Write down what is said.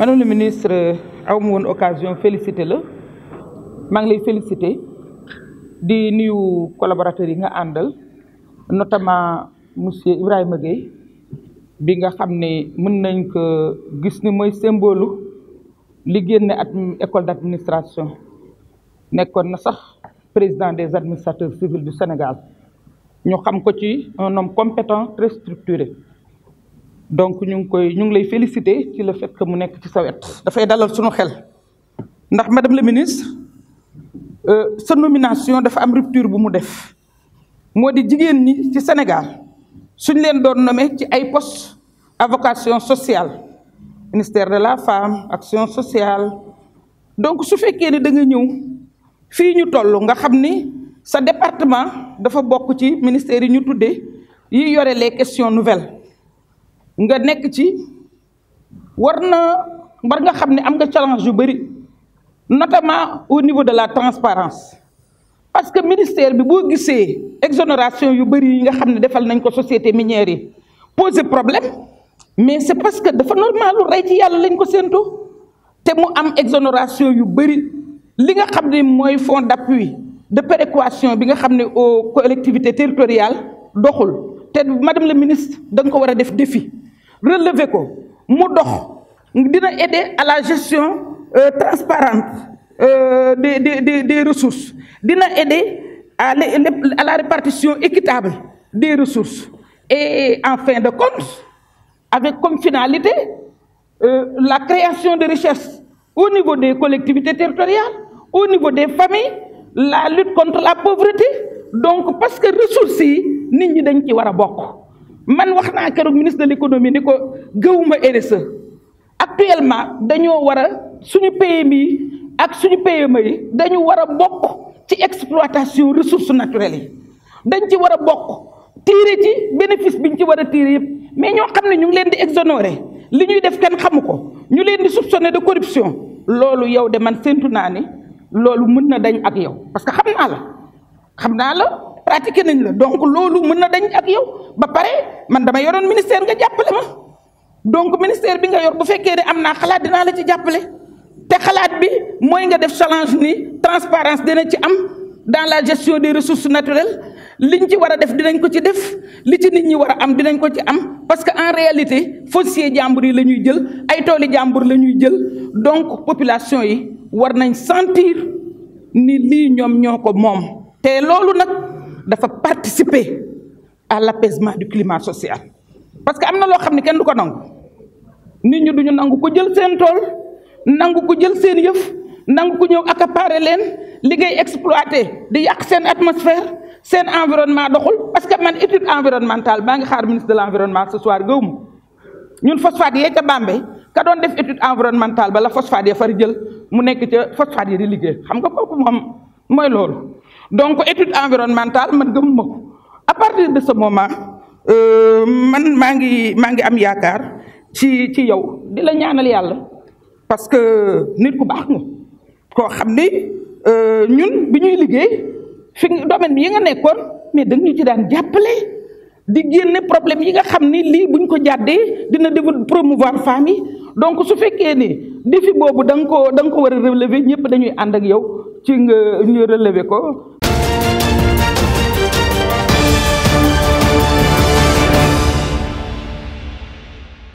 madame le ministre je vous woon occasion féliciter. le vous félicite des nouveaux collaborateurs notamment M. Ibrahim Gueye bi nga que ne mën nañ ko symbole d'administration Nous na sax président des administrateurs civils du Sénégal Nous sommes un homme compétent très structuré donc nous ngi koy ñu lay féliciter ci le fait que mu nekk ci sa wet dafay dalal suñu xel madame la ministre euh, sa nomination dafa am rupture bu mu def moo di jigéen ci Sénégal suñ leen doon nommé ci ay postes à vocation sociale ministère de la femme action sociale donc su fekkee ni da nga ñëw fii ñu toll nga xam ni sa département de bokk ci ministère yi ñu tuddee yi yore les questions nouvelles nga nek ci warna bar nga xam am nga challenge yu bari notamment au niveau de la transparence parce que ministère bi bo gissé exonération yu bari nga xam defal nañ ko société minière pose problème mais c'est parce que dafa normal lu rey ci yalla lañ ko sentu té mu am exonération yu bari li nga xam moy fonds d'appui de péréquation bi nga xam aux collectivités territoriales doxul té madame la ministre da ko wara def défi relever ko mu dox aider à la gestion euh, transparente euh, des des des ressources dina aider à la répartition équitable des ressources et en fin de compte avec comme finalité euh, la création de richesses au niveau des collectivités territoriales au niveau des familles la lutte contre la pauvreté donc parce que ressources nous nit ñi man wax naa keroog ministre de l'économie ni ko gëwuma RSE actuellement dañoo war a suñu PMI yi ak suñu PME yi dañu war a bokk ci exploitation ressources naturelles yi dañ ci war a bokk tiire ci bénéfice bi ñu ci war a tiire yëpp mais ñoo xam ne ñu ngi leen di exonéré li ñuy def kenn xamu ko ñu leen di soupçonné de corruption loolu yow de man séntu naa ne loolu mun na dañ ak yow parce que xam naa la xam naa la. pratiqué nañ la donc loolu mën na dañ ak yow ba pare man dama yoroon ministère nga jàppale ma donc ministère bi nga yor bu fekkee ne am naa xalaat dinaa la ci jàppale te xalaat bi mooy nga def challenge ni transparence dina ci am dans la gestion des ressources naturelles liñ ci war a def dinañ ko ci def li ci nit ñi war a am dinañ ko ci am parce que en réalité foncier jàmbur yi la ñuy jël ay tooli jàmbur la ñuy jël donc population yi war nañ sentir ni lii ñoom ñoo ko moom te loolu nag dafa participer à l'apaisement du climat social parce que amna lo xamni xam ne kenn ko nangu nit ñi duñu nangu ko jël seen tool nangu ko jël seen yëf nangu ko ñew accaparer leen li ngay exploité di yak seen atmosphère seen environnement doxul parce que man étude environnementale ba nga xaar ministre de l'environnement ce soir gëwum ñun phosphate yee ca ka doon def étude environnementale ba la phosphate ya far jël mu nekk ca phosphate yi di liggéey xam nga kooku moom mooy loolu donc étude environnementale man gëmuma ko à partir de ce moment euh, man maa ngi maa ngi am yaakaar ci ci yow di la ñaanal yàlla parce que nit ku baax nga koo xam ne euh, ñun bi ñuy liggéey fi domaine bi yi nekkoon mais dañ ñu ci daan jàppale di génne problème yi nga xam ni lii buñ ko jàddee dina déglu promouvoir femme yi donc su fekkee ni défi boobu da nga ko da ko war a relever ñëpp dañuy ànd ak yow ci nga ñu ko